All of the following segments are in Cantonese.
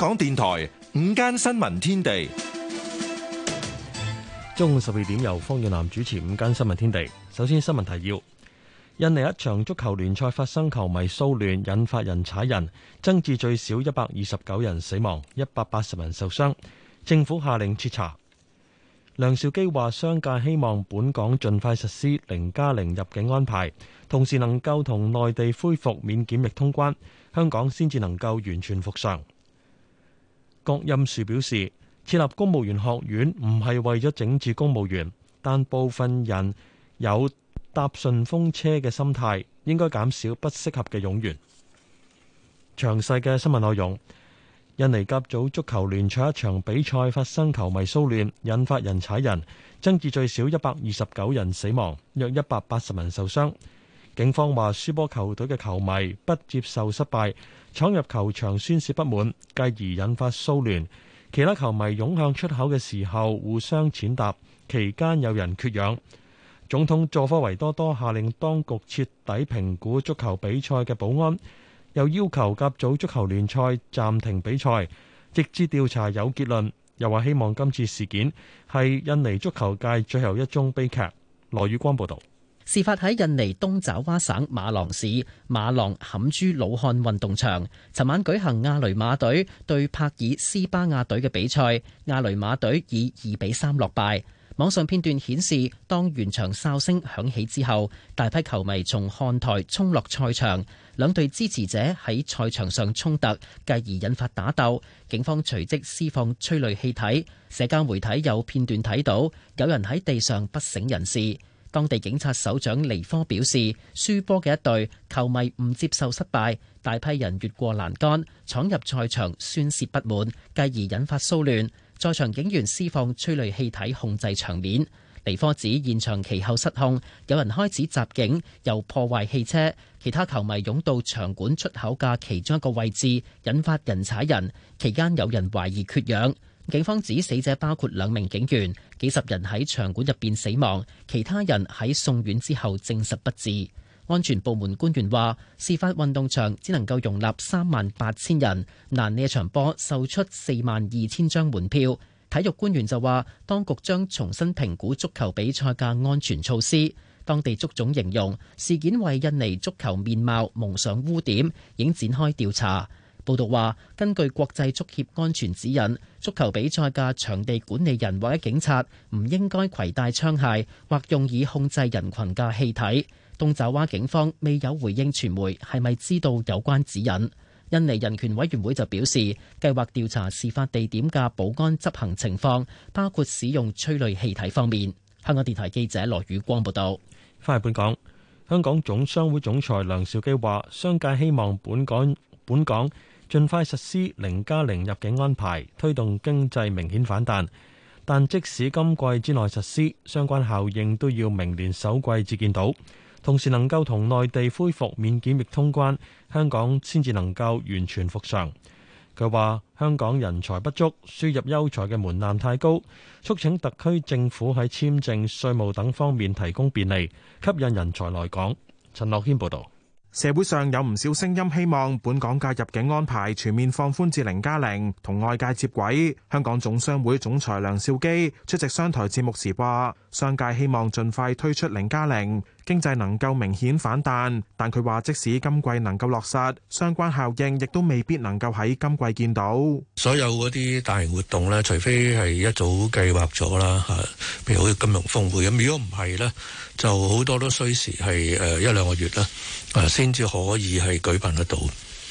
香港電台午間新聞天地，中午十二點，由方遠南主持《午間新聞天地》。首先，新聞提要：印尼一場足球聯賽發生球迷騷亂，引發人踩人，增至最少一百二十九人死亡，一百八十人受傷。政府下令徹查。梁兆基話：商界希望本港盡快實施零加零入境安排，同時能夠同內地恢復免檢疫通關，香港先至能夠完全復常。郭任樹表示，設立公務員學院唔係為咗整治公務員，但部分人有搭順風車嘅心態，應該減少不適合嘅冗員。詳細嘅新聞內容：印尼甲組足球聯賽一場比賽發生球迷騷亂，引發人踩人，增至最少一百二十九人死亡，約一百八十人受傷。警方話輸波球隊嘅球迷不接受失敗。闖入球場宣泄不滿，繼而引發騷亂。其他球迷湧向出口嘅時候，互相踐踏，期間有人缺氧。總統佐科維多多下令當局徹底評估足球比賽嘅保安，又要求甲組足球聯賽暫停比賽，直至調查有結論。又話希望今次事件係印尼足球界最後一宗悲劇。羅宇光報道。事發喺印尼東爪哇省馬琅市馬琅坎珠魯漢運動場，尋晚舉行亞雷馬隊對帕爾斯巴亞隊嘅比賽，亞雷馬隊以二比三落敗。網上片段顯示，當完場哨聲響起之後，大批球迷從看台衝落賽場，兩隊支持者喺賽場上衝突，繼而引發打鬥，警方隨即施放催淚氣體。社交媒體有片段睇到有人喺地上不省人事。當地警察首長尼科表示，輸波嘅一隊球迷唔接受失敗，大批人越過欄杆，闖入賽場宣洩不滿，繼而引發騷亂。在場警員施放催淚氣體控制場面。尼科指現場其後失控，有人開始襲警，又破壞汽車。其他球迷湧到場館出口嘅其中一個位置，引發人踩人。期間有人懷疑缺氧。警方指死者包括兩名警員，幾十人喺場館入邊死亡，其他人喺送院之後證實不治。安全部門官員話，事發運動場只能夠容納三萬八千人，但呢一場波售出四萬二千張門票。體育官員就話，當局將重新評估足球比賽嘅安全措施。當地足總形容事件為印尼足球面貌蒙上污點，已經展開調查。報道話，根據國際足協安全指引，足球比賽嘅場地管理人或者警察唔應該攜帶槍械或用以控制人群嘅氣體。東爪哇警方未有回應傳媒係咪知道有關指引。印尼人權委員會就表示，計劃調查事發地點嘅保安執行情況，包括使用催淚氣體方面。香港電台記者羅宇光報導。返嚟本港，香港總商會總裁梁兆基話：商界希望本港本港，盡快實施零加零入境安排，推動經濟明顯反彈。但即使今季之內實施，相關效應都要明年首季至見到。同時能夠同內地恢復免檢疫通關，香港先至能夠完全復常。佢話：香港人才不足，輸入優才嘅門檻太高，促請特區政府喺簽證、稅務等方面提供便利，吸引人才來港。陳樂軒報導。社會上有唔少聲音希望本港嘅入境安排全面放寬至零加零，同外界接軌。香港總商會總裁梁兆基出席商台節目時話。商界希望盡快推出零加零，0，經濟能夠明顯反彈。但佢話即使今季能夠落實，相關效應亦都未必能夠喺今季見到。所有嗰啲大型活動咧，除非係一早計劃咗啦吓，譬如好似金融峰會咁。如果唔係咧，就好多都需時係誒一兩個月啦，誒先至可以係舉辦得到。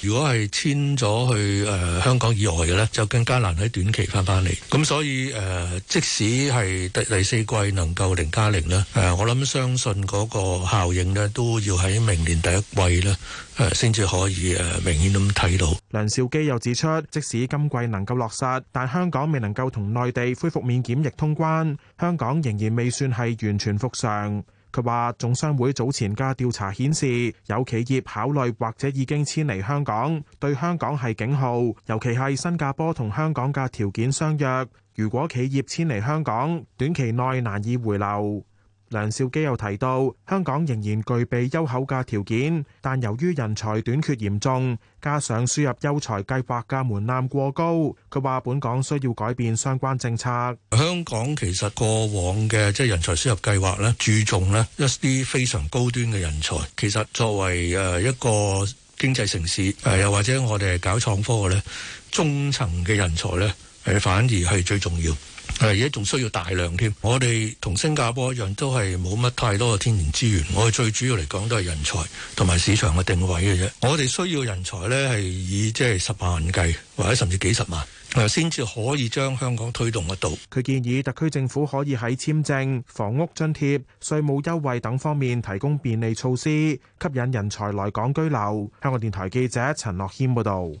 如果係遷咗去誒香港以外嘅咧，就更加難喺短期翻返嚟。咁所以誒，即使係第第四季能夠零加零咧，誒我諗相信嗰個效應咧都要喺明年第一季咧誒先至可以誒明顯咁睇到。梁兆基又指出，即使今季能夠落實，但香港未能夠同內地恢復免檢疫通關，香港仍然未算係完全復常。佢話，總商會早前嘅調查顯示，有企業考慮或者已經遷離香港，對香港係警號，尤其係新加坡同香港嘅條件相若，如果企業遷離香港，短期內難以回流。梁兆基又提到，香港仍然具備優厚嘅條件，但由於人才短缺嚴重，加上輸入優才計劃嘅門檻過高，佢話本港需要改變相關政策。香港其實過往嘅即係人才輸入計劃咧，注重咧一啲非常高端嘅人才。其實作為誒一個經濟城市，誒又或者我哋搞創科嘅咧，中層嘅人才咧，誒反而係最重要。嗱，而家仲需要大量添，我哋同新加坡一樣都係冇乜太多嘅天然資源。我哋最主要嚟講都係人才同埋市場嘅定位嘅啫。我哋需要人才咧，係以即係十萬計或者甚至幾十萬，先至可以將香港推動得到。佢建議特區政府可以喺簽證、房屋津貼、稅務優惠等方面提供便利措施，吸引人才來港居留。香港電台記者陳樂謙報道。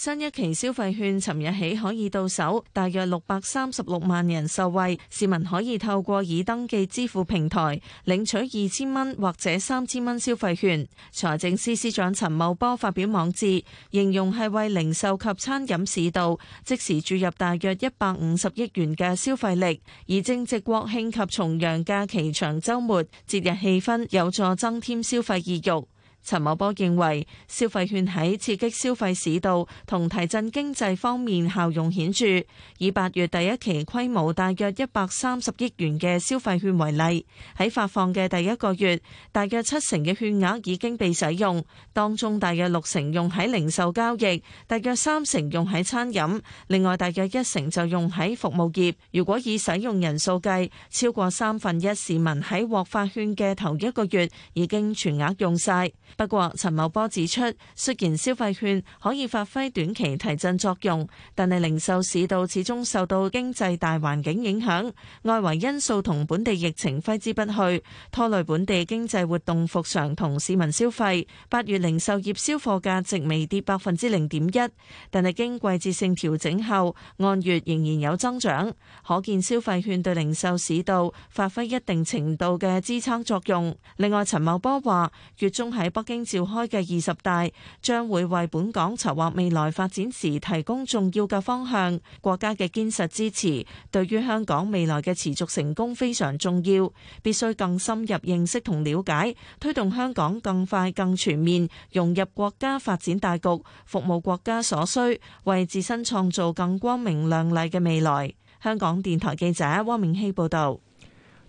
新一期消費券尋日起可以到手，大約六百三十六萬人受惠，市民可以透過已登記支付平台領取二千蚊或者三千蚊消費券。財政司司長陳茂波發表網誌，形容係為零售及餐飲市道即時注入大約一百五十億元嘅消費力，而正值國慶及重陽假期長週末，節日氣氛有助增添消費意欲。陳茂波認為，消費券喺刺激消費市道同提振經濟方面效用顯著。以八月第一期規模大約一百三十億元嘅消費券為例，喺發放嘅第一個月，大約七成嘅券額已經被使用，當中大約六成用喺零售交易，大約三成用喺餐飲，另外大約一成就用喺服務業。如果以使用人數計，超過三分一市民喺獲發券嘅頭一個月已經全額用晒。不過，陳茂波指出，雖然消費券可以發揮短期提振作用，但係零售市道始終受到經濟大環境影響，外圍因素同本地疫情揮之不去，拖累本地經濟活動復常同市民消費。八月零售業銷貨價值微跌百分之零點一，但係經季節性調整後，按月仍然有增長，可見消費券對零售市道發揮一定程度嘅支撐作用。另外，陳茂波話，月中喺北京召開嘅二十大將會為本港籌劃未來發展時提供重要嘅方向。國家嘅堅實支持對於香港未來嘅持續成功非常重要，必須更深入認識同了解，推動香港更快更全面融入國家發展大局，服務國家所需，為自身創造更光明亮麗嘅未來。香港電台記者汪明希報道。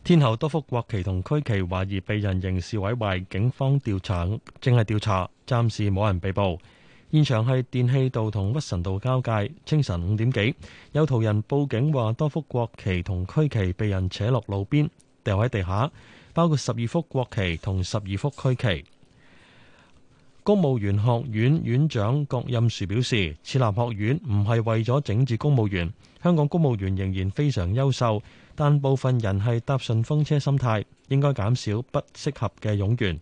天后多幅國旗同區旗懷疑被人刑事毀壞，警方調查，正係調查，暫時冇人被捕。現場係電氣道同屈臣道交界，清晨五點幾，有途人報警話多幅國旗同區旗被人扯落路邊，掉喺地下，包括十二幅國旗同十二幅區旗。公務員學院院長郭蔭庶表示，設立學院唔係為咗整治公務員，香港公務員仍然非常優秀。但部分人係搭順風車心態，應該減少不適合嘅冗員。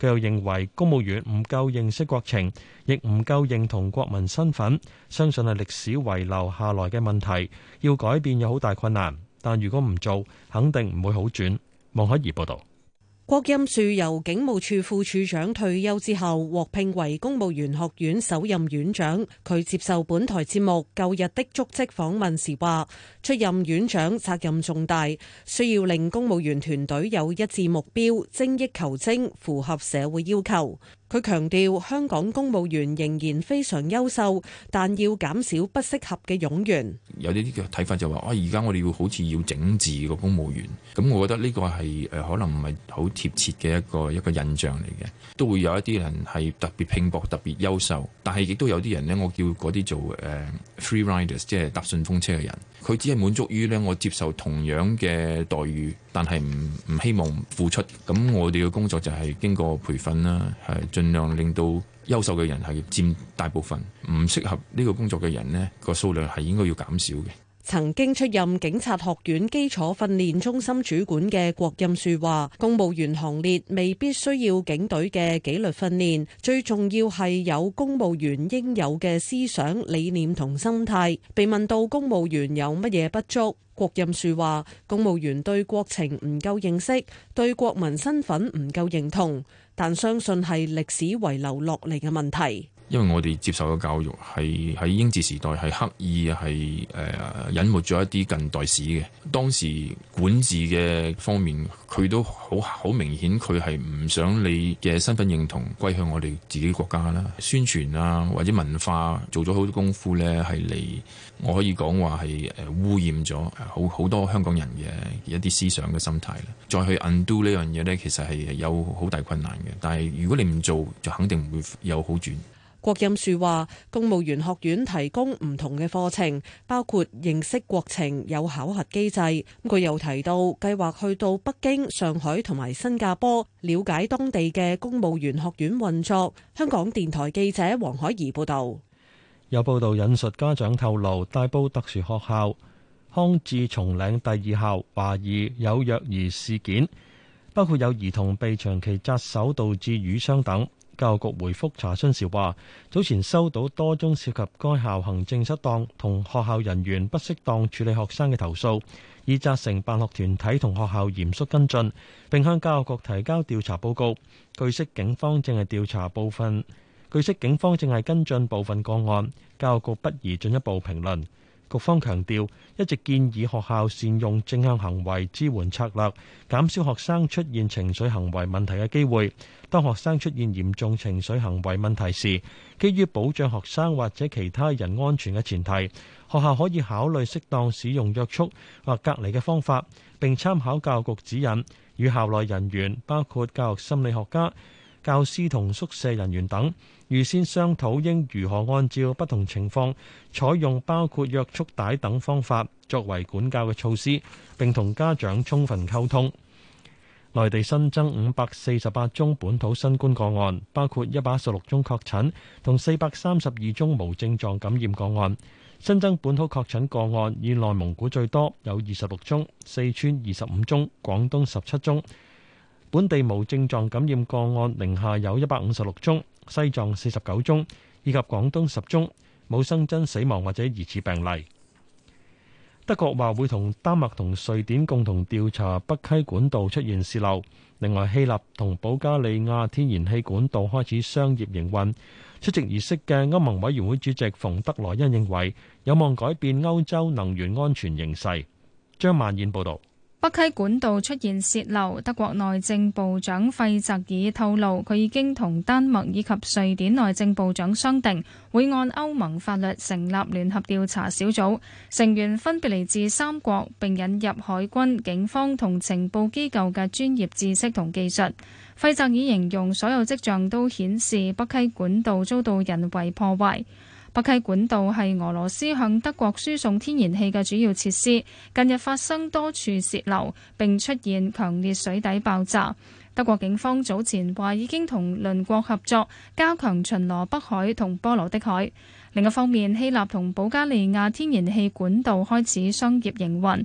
佢又認為公務員唔夠認識國情，亦唔夠認同國民身份，相信係歷史遺留下來嘅問題，要改變有好大困難。但如果唔做，肯定唔會好轉。王可怡報導。郭蔭庶由警務處副處長退休之後，獲聘為公務員學院首任院長。佢接受本台節目舊日的足跡訪問時話：出任院長責任重大，需要令公務員團隊有一致目標，精益求精，符合社會要求。佢強調香港公務員仍然非常優秀，但要減少不適合嘅冗員。有啲啲嘅睇法就話，是，哇、啊！而家我哋要好似要整治個公務員，咁、嗯、我覺得呢個係誒、呃、可能唔係好貼切嘅一個一個印象嚟嘅。都會有一啲人係特別拼搏、特別優秀，但係亦都有啲人呢，我叫嗰啲做誒、uh, free riders，即係搭順風車嘅人。佢只係滿足於呢，我接受同樣嘅待遇，但係唔唔希望付出。咁我哋嘅工作就係經過培訓啦，係盡量令到優秀嘅人係佔大部分，唔適合呢個工作嘅人呢，個數量係應該要減少嘅。曾經出任警察學院基礎訓練中心主管嘅郭任樹話，公務員行列未必需要警隊嘅紀律訓練，最重要係有公務員應有嘅思想、理念同心態。被問到公務員有乜嘢不足，郭任樹話，公務員對國情唔夠認識，對國民身份唔夠認同，但相信係歷史遺留落嚟嘅問題。因為我哋接受嘅教育係喺英治時代係刻意係誒隱沒咗一啲近代史嘅。當時管治嘅方面，佢都好好明顯，佢係唔想你嘅身份認同歸向我哋自己國家啦。宣傳啊，或者文化做咗好多功夫呢，係嚟我可以講話係誒污染咗好好多香港人嘅一啲思想嘅心態。再去 undo 呢樣嘢呢，其實係有好大困難嘅。但係如果你唔做，就肯定唔會有好轉。郭蔭庶話：公務員學院提供唔同嘅課程，包括認識國情，有考核機制。佢又提到，計劃去到北京、上海同埋新加坡，了解當地嘅公務員學院運作。香港電台記者黃海怡報道。有報道引述，家長透露，大埔特殊學校匡智松嶺第二校懷疑有虐兒事件，包括有兒童被長期紮手導致瘀傷等。教育局回覆查詢時話：早前收到多宗涉及該校行政失當同學校人員不適當處理學生嘅投訴，已責成辦學團體同學校嚴肅跟進，並向教育局提交調查報告。據悉警方正係調查部分，據悉警方正係跟進部分個案，教育局不宜進一步評論。局方強調，一直建議學校善用正向行為支援策略，減少學生出現情緒行為問題嘅機會。當學生出現嚴重情緒行為問題時，基於保障學生或者其他人安全嘅前提，學校可以考慮適當使用約束或隔離嘅方法，並參考教育局指引與校內人員，包括教育心理學家。教師同宿舍人員等預先商討應如何按照不同情況採用包括約束帶等方法作為管教嘅措施，並同家長充分溝通。內地新增五百四十八宗本土新冠個案，包括一百一十六宗確診同四百三十二宗無症狀感染個案。新增本土確診個案以內蒙古最多，有二十六宗；四川二十五宗，廣東十七宗。本地無症狀感染個案寧夏有一百五十六宗，西藏四十九宗，以及廣東十宗，冇新增死亡或者疑似病例。德國話會同丹麥同瑞典共同調查北溪管道出現洩漏。另外，希臘同保加利亞天然氣管道開始商業營運。出席儀式嘅歐盟委員會主席馮德萊恩認為有望改變歐洲能源安全形勢。張萬燕報導。北溪管道出現洩漏，德國內政部長費澤爾透露，佢已經同丹麥以及瑞典內政部長商定，會按歐盟法律成立聯合調查小組，成員分別嚟自三國，並引入海軍、警方同情報機構嘅專業知識同技術。費澤爾形容，所有跡象都顯示北溪管道遭到人為破壞。北溪管道係俄羅斯向德國輸送天然氣嘅主要設施，近日發生多處洩漏，並出現強烈水底爆炸。德國警方早前話已經同鄰國合作，加強巡邏北海同波羅的海。另一方面，希臘同保加利亞天然氣管道開始商業營運。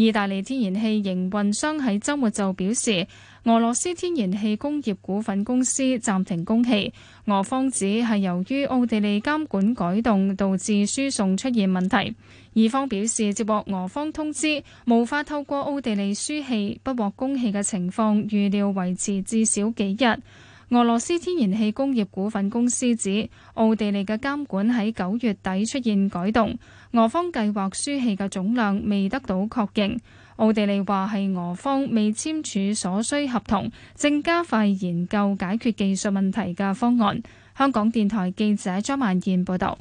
意大利天然氣營運商喺週末就表示，俄羅斯天然氣工業股份公司暫停供氣。俄方指係由於奧地利監管改動導致輸送出現問題。意方表示接獲俄方通知，無法透過奧地利輸氣，不獲供氣嘅情況預料維持至少幾日。俄羅斯天然氣工業股份公司指，奧地利嘅監管喺九月底出現改動，俄方計劃輸氣嘅總量未得到確認。奧地利話係俄方未簽署所需合同，正加快研究解決技術問題嘅方案。香港電台記者張萬燕報道。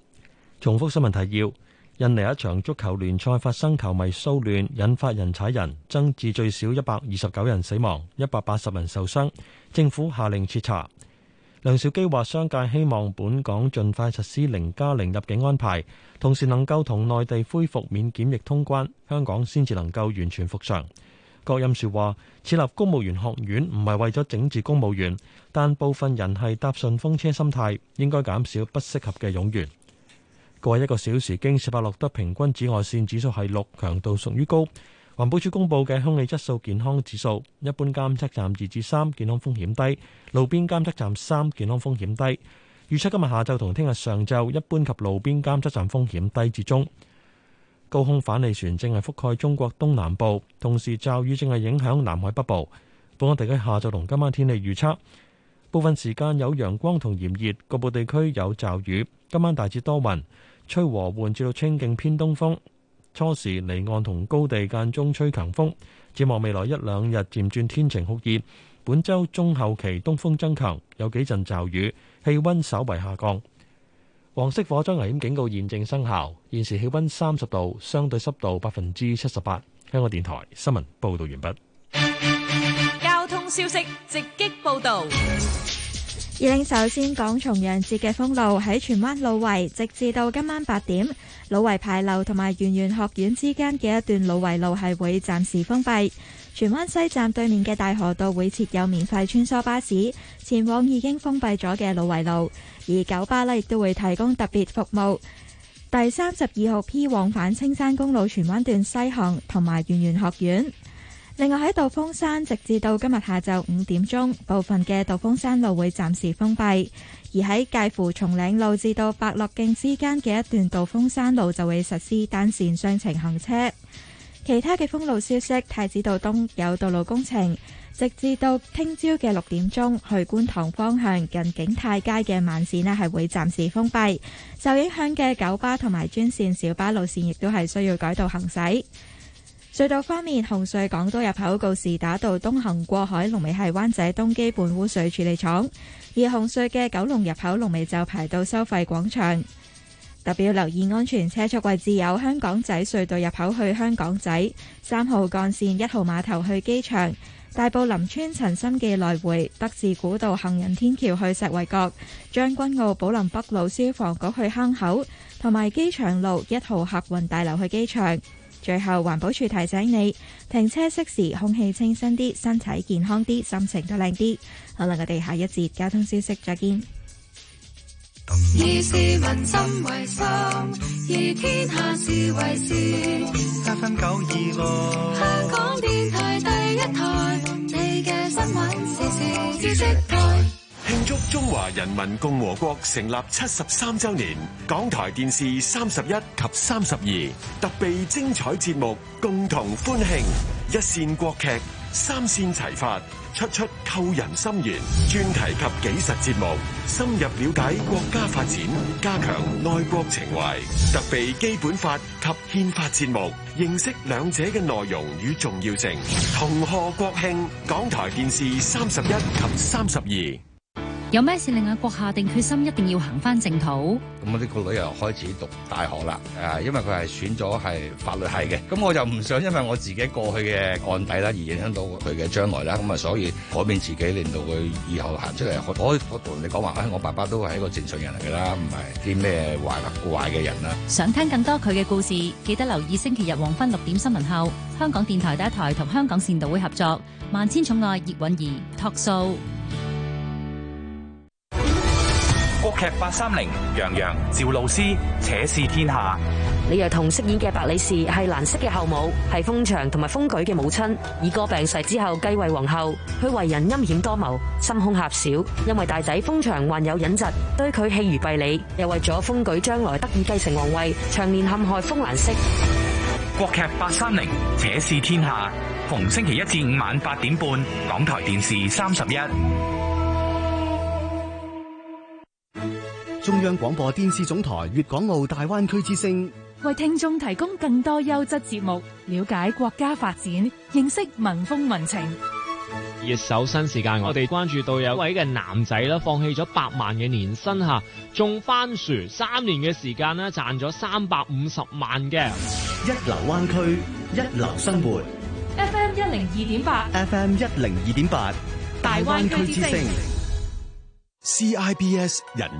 重複新聞提要。印尼一場足球聯賽發生球迷騷亂，引發人踩人，增至最少一百二十九人死亡，一百八十人受傷。政府下令徹查。梁兆基話：商界希望本港盡快實施零加零入境安排，同時能夠同內地恢復免檢疫通關，香港先至能夠完全復常。郭蔭庶話：設立公務員學院唔係為咗整治公務員，但部分人係搭順風車心態，應該減少不適合嘅冗員。過一個小時，京士柏錄得平均紫外線指數係六，強度屬於高。環保署公佈嘅空氣質素健康指數，一般監測站二至三，健康風險低；路邊監測站三，健康風險低。預測今日下晝同聽日上晝，一般及路邊監測站風險低至中。高空反氣旋正係覆蓋中國東南部，同時驟雨正係影響南海北部。本港地區下晝同今晚天氣預測，部分時間有陽光同炎熱，局部地區有驟雨。今晚大致多雲。吹和緩至到清勁偏東風，初時離岸同高地間中吹強風。展望未來一兩日漸轉天晴酷熱。本周中後期東風增強，有幾陣驟雨，氣溫稍為下降。黃色火災危險警告現正生效。現時氣温三十度，相對濕度百分之七十八。香港電台新聞報道完畢。交通消息直擊報道。二令首先講重陽節嘅封路，喺荃灣老圍，直至到今晚八點，老圍牌樓同埋圓玄學院之間嘅一段老圍路係會暫時封閉。荃灣西站對面嘅大河道會設有免費穿梭巴士前往已經封閉咗嘅老圍路，而九巴呢亦都會提供特別服務。第三十二號 P 往返青山公路荃灣段西行同埋圓玄學院。另外喺道風山，直至到今日下晝五點鐘，部分嘅道風山路會暫時封閉；而喺介乎松嶺路至到白樂徑之間嘅一段道風山路就會實施單線雙程行車。其他嘅封路消息，太子道東有道路工程，直至到聽朝嘅六點鐘，去觀塘方向近景泰街嘅慢綫呢，係會暫時封閉。受影響嘅九巴同埋專綫小巴路綫亦都係需要改道行駛。隧道方面，紅隧港島入口告士打道東行過海，龍尾係灣仔東基本污水處理廠；而紅隧嘅九龍入口龍尾就排到收費廣場。特別留意安全車速位置有香港仔隧道入口去香港仔、三號幹線、一號碼頭去機場、大埔林村陳新記來回、德士古道行人天橋去石圍角、將軍澳寶林北路消防局去坑口，同埋機場路一號客運大樓去機場。最後，環保處提醒你，停車熄匙，空氣清新啲，身體健康啲，心情都靚啲。好啦，我哋下一節交通消息再見。慶祝中華人民共和國成立七十三周年，港台電視三十一及三十二特備精彩節目，共同歡慶一線國劇，三線齊發，出出扣人心弦。專題及紀實節目深入了解國家發展，加強愛國情懷。特備《基本法》及憲法節目，認識兩者嘅內容與重要性。同賀國慶，港台電視三十一及三十二。有咩事令阿國下定決心一定要行翻正途？咁我呢個女又開始讀大學啦，誒，因為佢係選咗係法律系嘅，咁我就唔想因為我自己過去嘅案底啦，而影響到佢嘅將來啦，咁啊，所以改變自己，令到佢以後行出嚟，我我同你哋講話，誒，我爸爸都係一個正常人嚟噶啦，唔係啲咩壞壞嘅人啦。想聽更多佢嘅故事，記得留意星期日黃昏六點新聞後，香港電台第一台同香港善導會合作《萬千寵愛葉蘊儀》talk show。國劇八三零，楊洋、趙露思，且試天下。李若彤飾演嘅白李氏係蘭色嘅後母，係封長同埋封舉嘅母親。二哥病逝之後繼位皇后，佢為人陰險多謀，心胸狹小。因為大仔封長患有隱疾，對佢棄如敝履，又為咗封舉將來得以繼承皇位，長年陷害封蘭色。國劇八三零，且試天下，逢星期一至五晚八點半，港台電視三十一。中央廣播電視總台粵港澳大灣區之聲，為聽眾提供更多優質節目，了解國家發展，認識民風民情。熱搜新時間，我哋關注到有一位嘅男仔啦，放棄咗百萬嘅年薪吓，種番薯三年嘅時間咧，賺咗三百五十萬嘅。一流灣區，一流生活。FM 一零二點八，FM 一零二點八，大灣區之聲。CIBS 人。